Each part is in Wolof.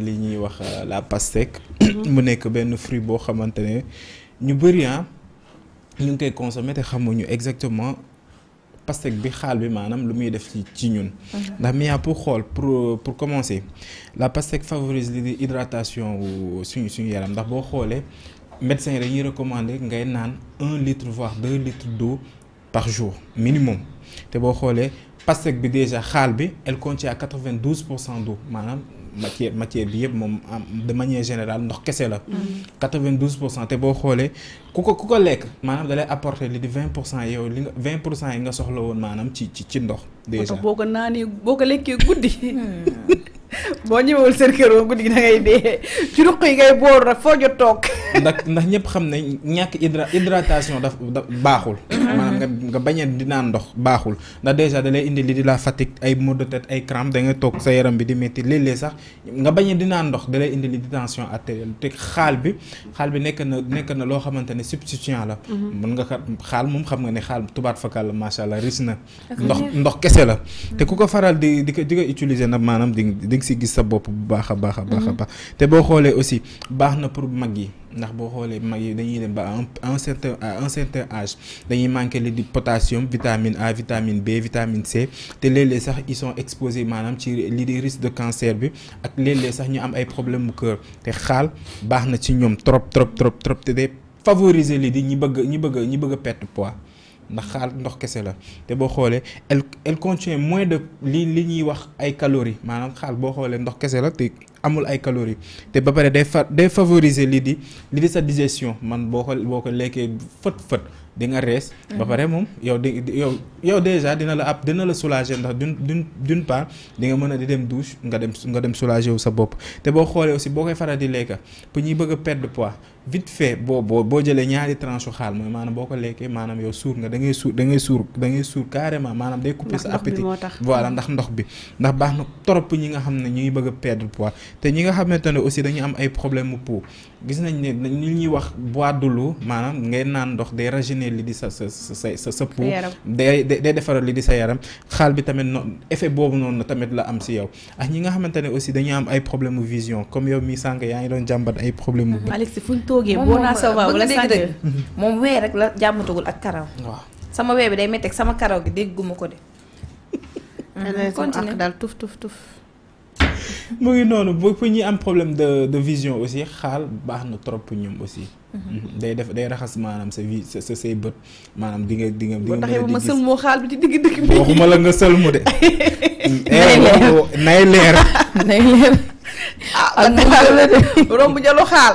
li ñuy wax euh, la pastèque mhm. mu nekk benn fruit boo xamante ne ñu bëri ah ñu ngi koy consommer te xamuñu exactement pastèque bi xaal bi maanaam lu muy def ci ci ñun mhm. ndax mi pour xool pour pour commencer la pastèque favorise li di hydratation wu suñu suñu yaram ndax boo xoolee médecin yi dañuy recommander ngay naan un litre voire deux litres d'eau par jour minimum te boo xoolee pastèque bi déjà xaal bi elle contient à 92 d'eau manam matière matière bi yeb mom de manière générale ndox kessé la. 92 mm-hmm. pour cent te boo xoolee ku ko ku ko lekk. maanaam dalay apporter li di 20 pour yow li 20 yi nga soxla woon maanaam ci ci ci ndox. déjà boko nani boko boo goudi bo guddi. Hmm. boo ñëwewul seen kër woo guddi ngay dee ci ruq yi ngay boor rek foo jot toog. ndax ndax ñëpp xam ne hydratation daf baaxul. manam hmm. nga nga bañ di naan ndox baaxul. baaxul ndax dèjà da lay indi li di la fatigue ay maux de tête ay crampes da ngay toog sa yaram bi di métti léeg-léeg sax nga bañ a di naan ndox da lay indi li di tension artérielle te xaal bi xaal bi nekk na nekk na loo xamante ne la. Mhm. mën nga xaal moom xam nga ne xaal tubaat fakal la allah ris na. ndox ndox kese la. Mhm. te ku ko faral di di ko di ko utiliser nag maanaam di di nga si gis sa bopp bu baax a baax a baax a mhm. baax te boo xoolee aussi baax na pour mag yi. ndax boo xoolee mag yi dañuy dem ba à un certain à un certain âge dañuy manqué li di potassium vitamine A vitamine B vitamine C te léeg-léeg sax ils sont exposés maanaam ci li di risque de cancer bi ak léeg-léeg sax ñu am ay problème mu cœur te xaal baax na ci ñoom trop trop trop trop te day favoriser li di ñi bëgg ñi bëgg ñi bëgg a perte poids ndax xaal ndox kese la te boo xoolee elle elle contient moins de li li ñuy wax ay calories maanaam xaal boo xoolee ndox kese la te amul ay calories té ba paré day favoriser di di sa digestion man boo ko boo di nga rees. ba pare moom yow di yow yow déjà dina la ab dina la soulager ndax d'une d'une d'une part di nga mën a di dem douche nga dem nga dem soulager wu sa bopp. te boo xoolee aussi boo koy faral di lekk pour ñuy bëgg a perdre poids vite fait boo boo boo jëlee ñaari tranche xaal mooy maanaam boo ko lekkee maanaam yow suur nga dangay ngay suur da ngay suur da ngay suur carrément maanaam day couper sa appétit voilà ndax ndox bi ndax baax na trop ñi nga xam ne ñu ngi bëgg a perdre te ñi nga xamante ne aussi dañu am ay problème mu peau gis nañ ne li ñuy wax bois de l'eau maanaam ngay naan ndox day rajeunir génnee li di sa sa sa sa pou day day defaral li di sa yaram xaal bi tamit noonu effet boobu noonu tamit la am si yow ak ñi nga xamante ne aussi dañuy am ay problème mu vision comme yow mi sànq yaa ngi doon jàmbat ay problème mu bët. fu ñu toogee boo naa sawa wala sànq moom wee rek la jàmmatagul ak karaw. waaw sama wee bi day métteeg sama karaw gi dégguma ko de. continué daal tuf tuf tuf. mu ngi noonu bu pour am problème de de vision aussi xaal baax na trop pour ñoom aussi. Mhm. Mhm. day def day raxas maanaam sa vie sa say bët maanaam di nga di nga. di a di gis ma xaal bi ci digg dëkk bi. waxuma la nga sëlmu de. Eh, nay leer nay leer. ah man romb jalo xaal.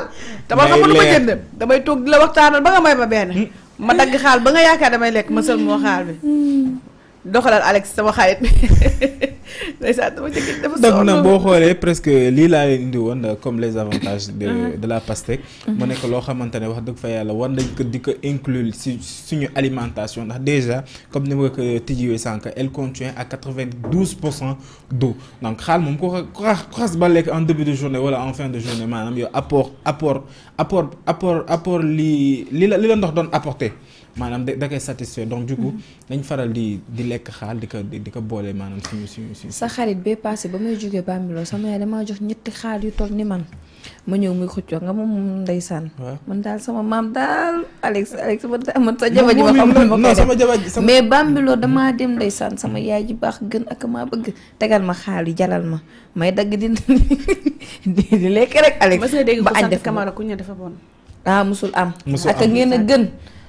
nay leer dama jënd damay toog di la waxtaanal ba nga may ma benn. Mm. ma dagg xaal ba nga yaakaar damay lekk ma sëlmoo xaal bi. Mm. doxalal Alex sama xarit bi ndeysaan dama jëkk dafa donc nag boo xoolee presque lii laa leen indi woon euh, comme les avantages de mhm. de la pastèque mhm. mu nekk loo xamante ne wax dëgg fa yàlla war nañ ko di ko inclure si suñu alimentation ndax déjà comme ni ma ko euh, tijjiwee sànq elle contient à quatre-vingt-douze pour cent d'eau donc xaal moom ko ko xas ba lekk en début de journée wala en fin de journée maanaam yow apport apport apport apport apport lii li la li la ndox doon apporter manam da donc du coup dañ faral di di lekk xaal di ko di ko boole maanaam suñu suñu suñu. sa xarit bee passé ba sama yaay dama jox ñetti xaal yu toll ni man ma ñëw muy nga moom ndeysaan. man daal sama maam daal Alex Alex man sa jabar ma xam mais Bambilor dama dem ndeysaan sama yaay ji baax gën ak maa bëgg tegal ma xaal yi jalal ma may dagg di di lekk rek ah musul am. ak a gën.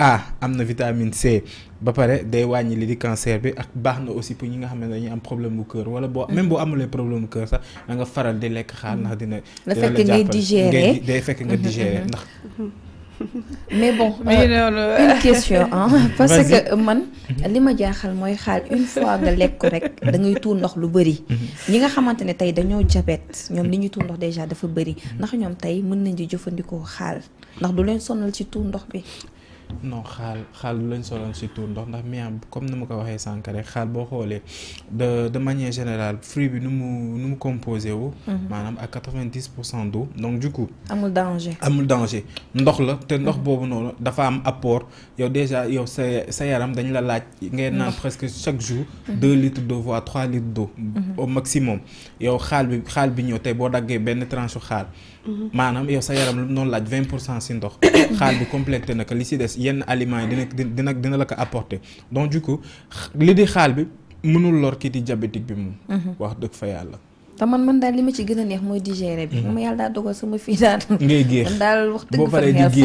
A am na vitamine C ba pare day wàññi li di cancer bi ak baax na aussi pour ñi nga xam ne dañuy am problème bu kër wala boo même boo mhm. amulee problème bu cœur sax da nga faral di lekk xaal ndax dina. Mhm. la fekk ngay digérer day fekk nga mhm. digérer bon euh, question ah parce que euh, man li ma jaaxal mooy xaal lekk ko rek da ngay ndox lu bëri ñi nga xamante ne tey dañoo jabet ñoom li ñuy tuur ndox déjà dafa bëri ndax ñoom tey mën nañ di jëfandikoo xaal ndax du leen sonal ci tuur ndox bi non xaal xaal lañ soloon si tour ndox ndax miam comme ni ma ko waxee sànq rek xaal boo xoolee de de manière générale fruit bi nu mu nu mu composé wu. Mhm. maanaam ak 90% pour cent d'eau donc du coup. amul danger amul danger ndox la te ndox boobu noonu dafa am apport yow déjà yow sa sa yaram dañ la laaj. ngay naan presque chaque jour. Mhm. deux litres d'eau voire trois litres d'eau. Mhm. au maximum yow xaal bi xaal bi ñëw tey boo daggee benn tranche xaal manam yow sa yaram lu noonu laaj pour cent ndox bi complété na aliments dina dina donc du coup li di xaal bi mënul lor kii di diabétique bi mhm. wax fa man man a neex mooy digérer bi. Mhm. ma yàlla daal dogal sama fii ngay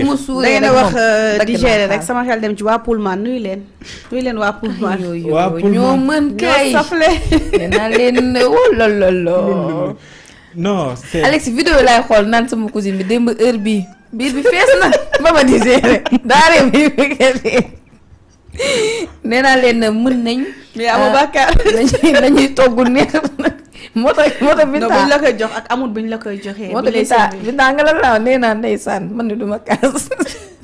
wax fa wax euh, rek sama non c'est Alex vidéo laay xool naan sama cousine bi démb heure bii biir bi fees na ba ma di gérer daaree bi nee naa leen na mën nañ. mais amoo bàkkaar euh, dañuy dañuy togg neex nag moo tax moo tax. binta la koy jox ak amul buñ la koy joxee. moo tax binta binta nga la laaw nee naa ndeysaan man ni duma kaas.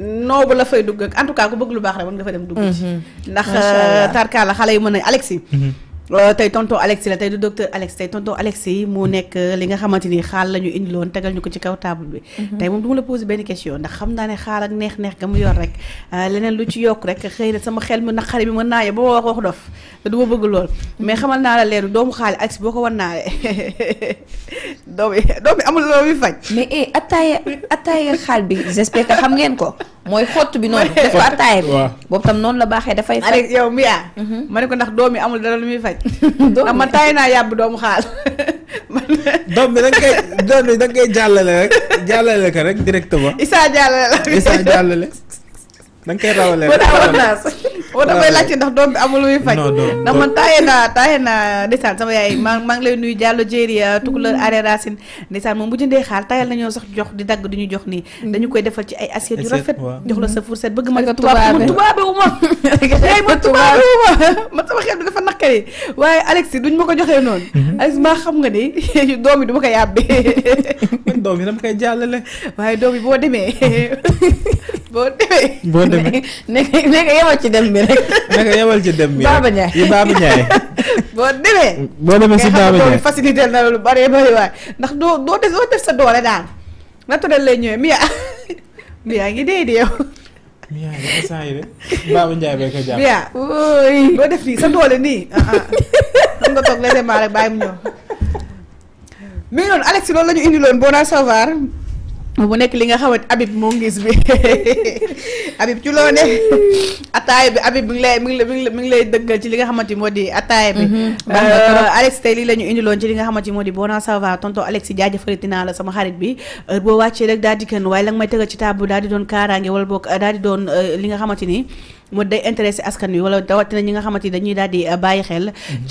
noobu la fay dugg ak en tout cas ku bëgg lu baax rek war nga fa dem dugg ci mm-hmm. ndax euh, la xale yi mën a Alexis mm-hmm. Euh, tey tonton Alexis la tey du docteur Alexis tey tonton Alexis mu nekk euh, li nga xamante ni xaal la ñu indiloon tegal ñu ko ci kaw table bi. Mhm. tey moom du ma la posé benn question ndax xam naa ne xaal ak neex-neex nga mu yor rek euh, leneen lu ci yokk rek xëy na sama xel mu naqari bi ma naaje ba ma wax wax dof te du bëgg lool mhm. mais xamal naa la leeru doomu xaal Alexis boo ko war naa doom yi doom yi amul loolu muy faj. mais eh attaaya attaaya xaal bi j'espère xam ngeen ko. mooy xott bi noonu def ko bi boobu tam noonu la baaxee dafay faj yow miyaa ma mhm. ne ko ndax doom yi amul dara lu muy faj ndax ma taay naa yàbb doomu xaal doom bi danga koy doom bi danga koy jàllale rek jàllale ko rek directement Issa jàllale la Issa jàllale danga rawale rek waaw damay laajte ndax doom bi amul muy faj. ndax man taaye naa taaye naa ndeysaan sama yaay maa maa ngi lay nuyu Diallo Jéeri euh, Tukulër Aare Racine ndeysaan moom bu jëndee xaal taayal nañoo sax jox di dagg duñu jox nii. Mm. dañu koy defal ci ay assiette yu rafet. jox la sa fourchette bëgg ma tubaab ma tubaabe wu ma. yaay ma tubaabe wu ma man sama xel bi dafa naqari waaye Alex duñ ma ko joxee noonu. Mm-hmm. Alex maa xam nga ni doom yi du ma ko yàbbee. doom yi dama koy jàllale. waaye doom yi boo demee boo demee boo demee nekk nekk yemal ci dem bi rek nekk yemal ci dem bi rek baaba ñaay baaba ñaay boo demee boo demee si baaba ñaay facilité na lu bari bari waay ndax doo doo def doo def sa doole daal naturel lay ñëwee mia mia ngi dee di yow mia ngi instant yi de baaba ñaay bee ko jàpp mia ooy doo def nii sa doole nii xam nga toog lay demaa rek bàyyi mu ñëw mais noonu Alex loolu la ñu indiloon bon à savoir bu nekk li nga xamante Habib moo ngis bi Habib ci ne ataaya bi Habib mi ngi lay mi ngi lay mi lay dëggal ci li nga xamante moo di ataaya mhm. euh, la ñu indiloon ci li nga xamante moo di Bona ça va tonton Alex yi jaajëfalati naa la sama xarit bi heure boo wàccee rek daal di kenn waaye la nga may tëgal ci taabu daal di doon kaaraange wala boog euh, daal di doon euh, li nga xamante ni moo day intéressé askan wi wala rawatina ñi nga xamante ni dañuy daal di bàyyi xel mhm. ci